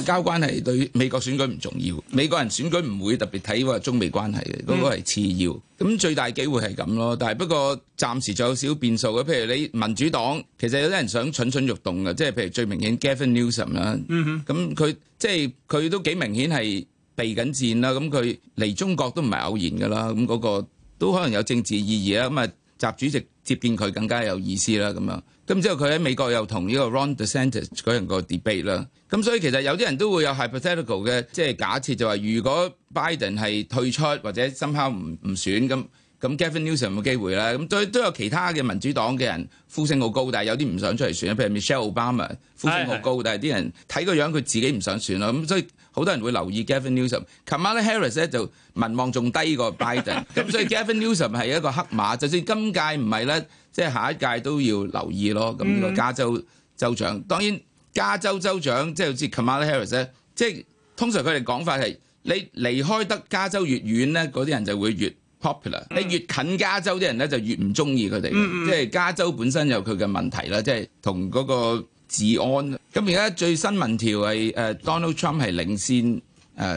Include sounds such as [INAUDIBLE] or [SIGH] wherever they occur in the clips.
外交關係對美國選舉唔重要，美國人選舉唔會特別睇中美關係嘅，嗰個係次要。咁最大機會係咁咯，但係不過暫時仲有少少變數嘅，譬如你民主黨其實有啲人想蠢蠢欲動嘅，即係譬如最明顯 Gavin Newsom 啦、嗯哼，咁佢即係佢都幾明顯係避緊戰啦。咁佢嚟中國都唔係偶然㗎啦，咁嗰個都可能有政治意義啊咁啊，習主席接見佢更加有意思啦，咁樣。咁之後佢喺美國又同呢個 Ron DeSantis 嗰人個 debate 啦，咁所以其實有啲人都會有 hypothetical 嘅，即係假設就話，如果 Biden 係退出或者 somehow 唔唔選咁。咁 Gavin Newsom 嘅機會啦。咁都都有其他嘅民主黨嘅人呼聲好高，但係有啲唔想出嚟選，譬如 Michelle Obama 呼聲好高，的但係啲人睇個樣佢自己唔想選咯，咁所以好多人會留意 Gavin Newsom。Kamala Harris 咧就民望仲低過拜登，咁所以 Gavin Newsom 係一個黑馬， [LAUGHS] 就算今屆唔係咧，即係下一屆都要留意咯。咁呢個加州州長，當然加州州長即係好似 Kamala Harris 咧，即係通常佢哋講法係你離開得加州越遠咧，嗰啲人就會越。popular，你越近加州啲人咧就越唔中意佢哋，mm hmm。即係加州本身有佢嘅問題啦，即係同嗰個治安。咁而家最新民調係誒 Donald Trump 係領先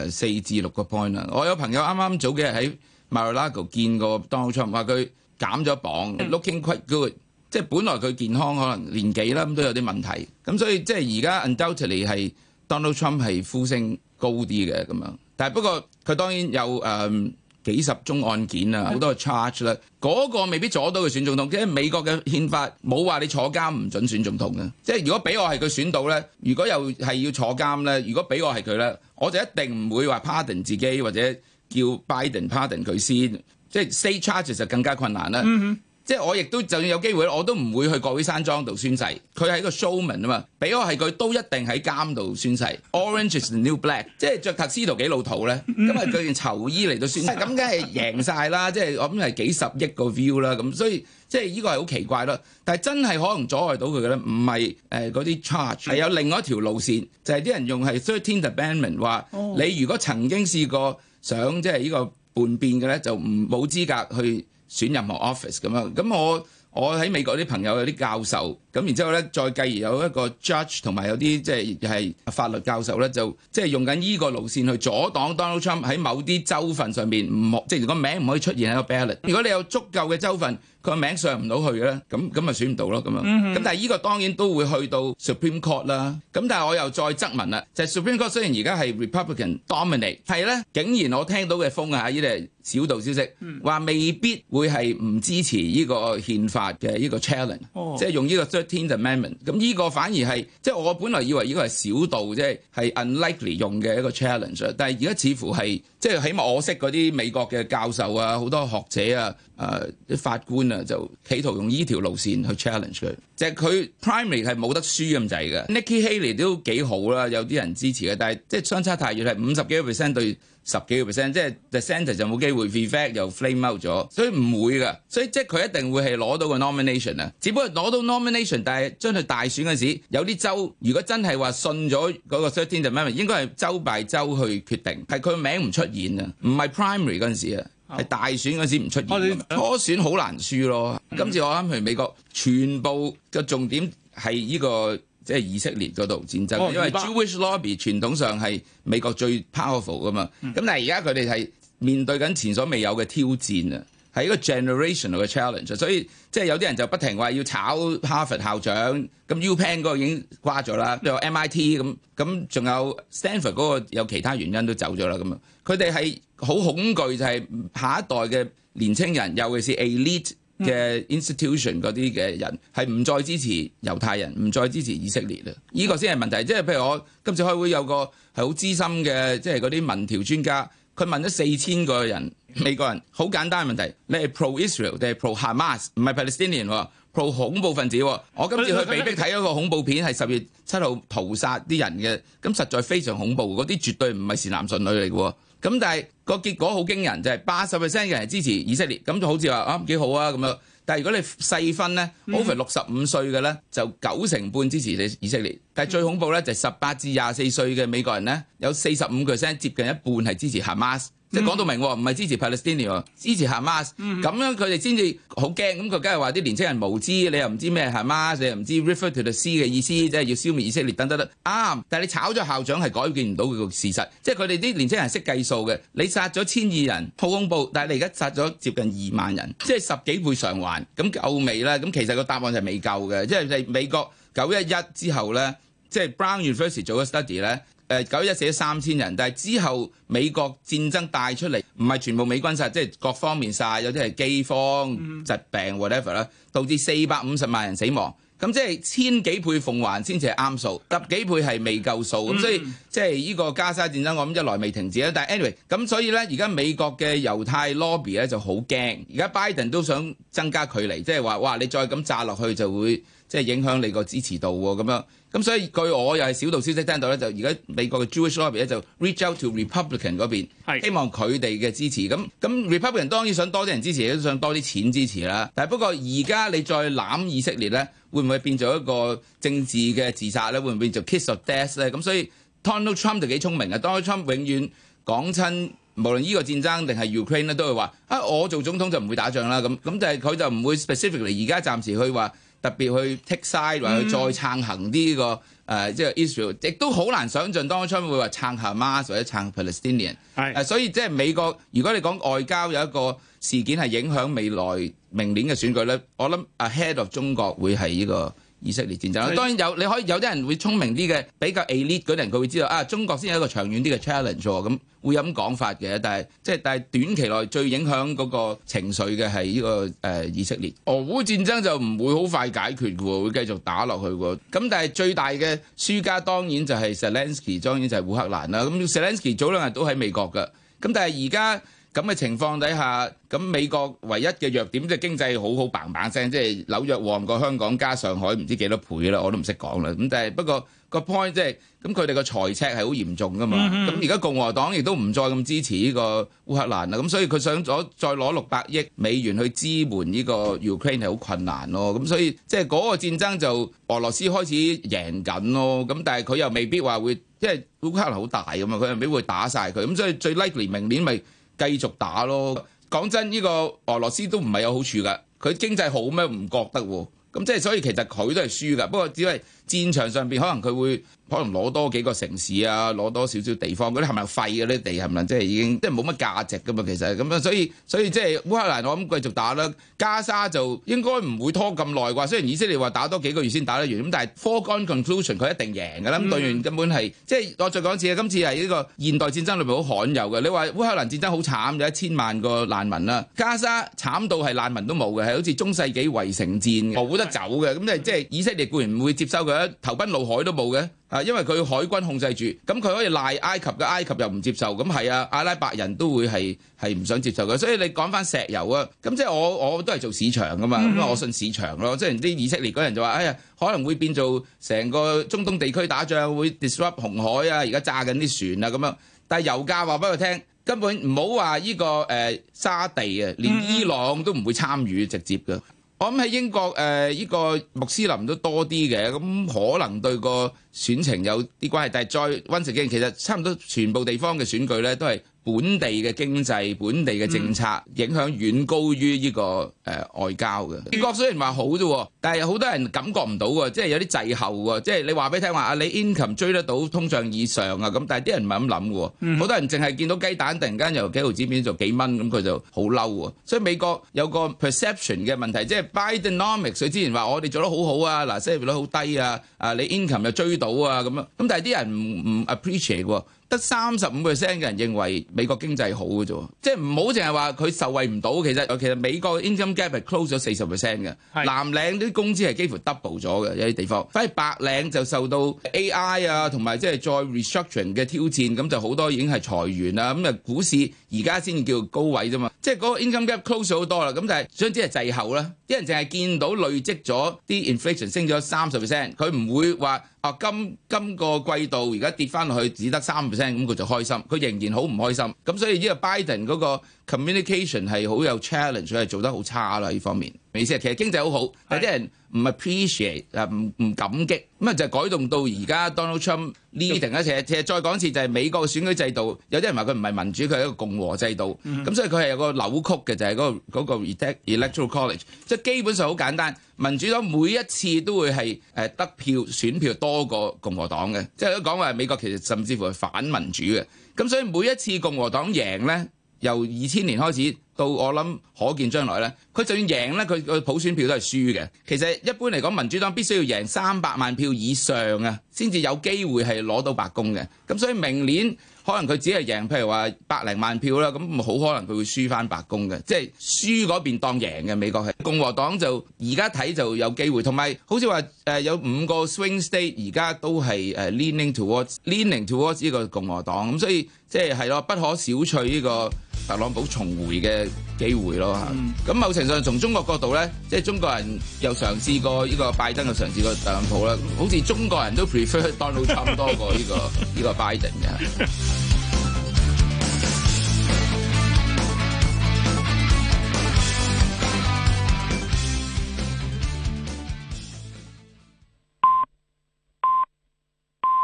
誒四至六個 point 啊！我有朋友啱啱早幾日喺 Mar-a-Lago 見過 Donald Trump，話佢減咗磅，looking quite good。即係本來佢健康可能年紀啦，都有啲問題。咁所以即係而家 undoubtedly 係 Donald Trump 係呼聲高啲嘅咁樣，但係不過佢當然有誒。呃幾十宗案件啊，好多個 charge 啦是，嗰個未必阻到佢選總統。即係美國嘅憲法冇話你坐監唔准選總統嘅。即係如果俾我係佢選到咧，如果又係要坐監咧，如果俾我係佢咧，我就一定唔會話 pardon 自己或者叫 biden pardon 佢先。即係 state charges 就更加困難啦。嗯即係我亦都就算有機會，我都唔會去國會山莊度宣誓。佢係一個 showman 啊嘛，俾我係佢都一定喺監度宣誓。Orange is the new black，即係着特斯恤幾老土咧。咁啊、嗯，佢件囚衣嚟到宣誓，咁梗係贏晒啦。即係我諗係幾十億個 view 啦。咁所以即係呢個係好奇怪咯。但係真係可能阻礙到佢嘅咧，唔係嗰啲 charge，係有另外一條路線，就係、是、啲人用係 Thirteen Amendment 話，你如果曾經試過想即係呢個叛變嘅咧，就唔冇資格去。選任何 office 咁樣，咁我我喺美國啲朋友有啲教授，咁然之後咧再繼而有一個 judge 同埋有啲即係係法律教授咧，就即係用緊呢個路線去阻擋 Donald Trump 喺某啲州份上面。唔即係個名唔可以出現喺個 ballot。如果你有足夠嘅州份。佢名上唔到去咧，咁咁咪選唔到咯，咁咁，但係呢個當然都會去到 Supreme Court 啦。咁但係我又再質問啦，就係、Supreme Court 雖然而家係 Republican dominate，係咧竟然我聽到嘅風啊，呢啲係小道消息，話未必會係唔支持呢個憲法嘅呢個 challenge，、oh. 即係用呢個 13th Amendment。咁呢個反而係即係我本來以為呢個係小道即係 unlikely 用嘅一個 challenge，但係而家似乎係。即係起碼我識嗰啲美國嘅教授啊，好多學者啊，誒、呃、啲法官啊，就企圖用呢條路線去 challenge 佢。即係佢 primary 係冇得輸咁滯嘅。 [MUSIC] Nikki y, Haley 都幾好啦，有啲人支持嘅，但係即係相差太遠，係五十幾個 percent 對十幾個 percent，即係 the center 就冇機會 Vivek 又 flame out 咗，所以唔會㗎，所以即係佢一定會係攞到個 nomination 啊，只不過攞到 nomination，但係將佢大選嗰時有啲州，如果真係話信咗嗰個 13th Amendment moment，應該係州拜州去決定，係佢名唔出現啊，唔係 primary 嗰陣時啊，係大選嗰陣時唔出現。選出現好初選好難輸咯，今次我啱去美國，全部嘅重點係呢、呢個。即係以色列嗰度戰爭，哦、因為 Jewish lobby 傳統上係美國最 powerful 噶嘛，咁、嗯、但係而家佢哋係面對緊前所未有嘅挑戰啊，係一個 generational 嘅 challenge，所以即係有啲人就不停話要炒 Harvard 校長，咁 U Penn 嗰個已經瓜咗啦，有 MIT 咁，咁仲有 Stanford 嗰個有其他原因都走咗啦咁啊，佢哋係好恐懼就係下一代嘅年輕人，尤其是 elite。嘅 institution 嗰啲嘅人係唔再支持猶太人，唔再支持以色列啦。呢個先係問題，即係譬如我今次開會有個係好資深嘅，即係嗰啲民調專家，佢問咗四千個人，美國人好簡單嘅問題，你係 pro Israel 定係 pro Hamas？唔係 Palestinian 喎，pro 恐怖分子喎。我今次去被迫睇一個恐怖片，係十月七號屠殺啲人嘅，咁實在非常恐怖，嗰啲絕對唔係善男信女嚟嘅。咁但係個結果好驚人，就係八十 percent 嘅人支持以色列咁就好似話啊幾好啊咁樣。但係如果你細分咧，over 六十五歲嘅咧就九成半支持你以色列。但係最恐怖咧就十八至廿四歲嘅美國人咧有四十五 percent 接近一半係支持哈馬斯。嗯、即係講到明喎，唔係支持 Palestine 喎，支持 Hamas，咁、嗯、樣佢哋先至好驚。咁佢梗係話啲年青人無知，你又唔知咩 Hamas，你又唔知 refer to the sea 嘅意思，嗯、即係要消滅以色列等等得啱、啊。但係你炒咗校長係改變唔到佢個事實，即係佢哋啲年青人識計數嘅。你殺咗千二人好恐怖，但係你而家殺咗接近二萬人，即係十幾倍償還咁夠未咧？咁其實個答案就係未夠嘅，即係美國九一一之後咧，即係 Brown University 做咗 study 咧。誒九一死咗三千人，但係之後美國戰爭帶出嚟，唔係全部美軍晒，即係各方面晒，有啲係饑荒、疾病 whatever 啦，導致四百五十萬人死亡。咁即係千幾倍奉還先至係啱數，十幾倍係未夠數。咁所以即係呢個加沙戰爭，我諗一來未停止啦。但係 anyway，咁所以咧，而家美國嘅猶太 lobby 咧就好驚。而家拜登都想增加距離，即係話哇，你再咁炸落去就會即係影響你個支持度喎咁樣。咁所以據我又係小道消息聽到咧，就而家美國嘅 Jewish lobby 咧就 reach out to Republican 嗰邊，是希望佢哋嘅支持。咁咁 Republican 當然想多啲人支持，都想多啲錢支持啦。但係不過而家你再攬以色列咧，會唔會變咗一個政治嘅自殺咧？會唔會變做 kiss of death 咧？咁所以 Donald Trump 就幾聰明嘅。Donald Trump 永遠講親，無論呢個戰爭定係 Ukraine 咧，都會話啊，我做總統就唔會打仗啦。咁咁就係佢就唔會 specifically 而家暫時去話。特別去 take side 或者去再撐行呢、這個誒，即係 Israel 亦都好難想像當初會話撐 Hamas 或者撐 Palestinian 是、呃。所以即係美國，如果你講外交有一個事件係影響未來明年嘅選舉咧，我諗 ahead of 中國會係呢、這個。以色列戰爭當然有，你可以，有啲人會聰明啲嘅，比較 elite 嗰啲人佢會知道啊，中國先有一個長遠啲嘅 challenge 喎，咁會有咁講法嘅。但係即係但係短期內最影響嗰個情緒嘅係呢個誒、呃、以色列。俄烏戰爭就唔會好快解決喎，會繼續打落去喎。咁但係最大嘅輸家當然就係 Selensky，當然就係烏克蘭啦。咁 Selensky 早兩日都喺美國㗎，咁但係而家。咁嘅情況底下，咁美國唯一嘅弱點即係經濟好好棒棒聲，即係紐約旺過香港加上海唔知幾多倍啦，我都唔識講啦。咁但係不過個 point 即係咁，佢哋個財赤係好嚴重噶嘛。咁而家共和黨亦都唔再咁支持呢個烏克蘭啦，咁所以佢想再再攞六百億美元去支援呢個 Ukraine 係好困難咯。咁所以即係嗰個戰爭就俄羅斯開始贏緊咯。咁但係佢又未必話會，因為烏克蘭好大噶嘛，佢又未必會打晒佢。咁所以最 likely 明年咪？繼續打咯！講真，呢個俄羅斯都唔係有好處噶，佢經濟好咩？唔覺得喎。咁即係所以，其實佢都係輸噶。不過只係。戰場上邊可能佢會可能攞多幾個城市啊，攞多少少地方嗰啲係咪廢嗰啲地係咪即係已經即係冇乜價值噶嘛？其實咁樣所以所以即係烏克蘭我諗繼續打啦，加沙就應該唔會拖咁耐啩。雖然以色列話打多幾個月先打得完，咁但係 foregone conclusion 佢一定贏噶啦。咁對面根本係即係我再講一次，啊。今次係呢個現代戰爭裏邊好罕有嘅。你話烏克蘭戰爭好慘，有一千萬個難民啦，加沙慘到係難民都冇嘅，係好似中世紀圍城戰冇是得走嘅。咁即係即係以色列固然唔會接收佢。啊、投奔怒海都冇嘅，啊，因為佢海軍控制住，咁佢可以賴埃及嘅，埃及又唔接受，咁係啊，阿拉伯人都會係係唔想接受嘅，所以你講翻石油啊，咁即係我我都係做市場噶嘛，咁我信市場咯，即係啲以色列嗰人就話，哎呀，可能會變做成個中東地區打仗會 disrupt 紅海啊，而家炸緊啲船啊咁樣，但係油價話俾佢聽，根本唔好話呢個誒、呃、沙地啊，連伊朗都唔會參與直接㗎。我諗喺英國誒依、呃這個穆斯林都多啲嘅，咁、嗯、可能對個選情有啲關係。但係再溫習嘅，其實差唔多全部地方嘅選舉呢都係。本地嘅經濟、本地嘅政策影響遠高於呢個誒外交嘅。美國雖然話好啫，但係好多人感覺唔到喎，即係有啲滯後喎。即係你話俾你聽話啊，你 income 追得到通脹以上啊咁，但係啲人唔係咁諗嘅喎。嗯、好多人淨係見到雞蛋突然間由幾毫子變做幾蚊，咁佢就好嬲喎。所以美國有個 perception 嘅問題，即係 Bidenomics 佢之前話我哋做得好好啊，嗱，失業率好低啊，啊，你 income 又追到啊咁樣，咁但係啲人唔唔 appreciate 喎。得三十五 percent 嘅人認為美國經濟好嘅啫，即係唔好淨係話佢受惠唔到。其實，其實美國嘅 income gap 係 close 咗四十 percent 嘅，藍領啲工資係幾乎 double 咗嘅有啲地方，反而白領就受到 AI 啊同埋即係再 restructuring 嘅挑戰，咁就好多已經係裁員啦。咁啊，股市而家先至叫做高位啫嘛，即係嗰個 income gap close 好多啦。咁但係想知係滯後啦，啲人淨係見到累積咗啲 inflation 升咗三十 percent，佢唔會話。啊，今今個季度而家跌翻落去，只得三 percent，咁佢就開心，佢仍然好唔開心，咁所以呢個拜登嗰個。Communication 係好有 challenge，所以做得好差啦。呢方面，未先。其實經濟好好，有啲人唔 appreciate 啊，唔唔感激咁啊，的就改動到而家 Donald Trump leading。其實再講一次，就係美國嘅選舉制度，有啲人話佢唔係民主，佢係一個共和制度。咁、嗯、所以佢係有個扭曲嘅，就係、是、嗰、那個、那個、Electoral College，即係、嗯、基本上好簡單。民主黨每一次都會係得票選票多過共和黨嘅，即係都講話美國其實甚至乎係反民主嘅。咁所以每一次共和黨贏咧。由二千年開始到我諗可見將來呢，佢就算贏呢，佢個普選票都係輸嘅。其實一般嚟講，民主黨必須要贏三百萬票以上啊，先至有機會係攞到白宮嘅。咁所以明年可能佢只係贏，譬如話百零萬票啦，咁好可能佢會輸翻白宮嘅。即係輸嗰邊當贏嘅美國係共和黨就而家睇就有機會，同埋好似話誒有五個 swing state 而家都係 le [MUSIC] leaning towards leaning towards 呢個共和黨咁，所以即係係咯不可小覷呢個。特朗普重回嘅機會咯吓，咁、嗯、某程度上從中國角度咧，即係中國人又嘗試過呢個拜登又嘗試過特朗普啦，好似中國人都 prefer Donald 差唔多過呢個呢個拜登嘅。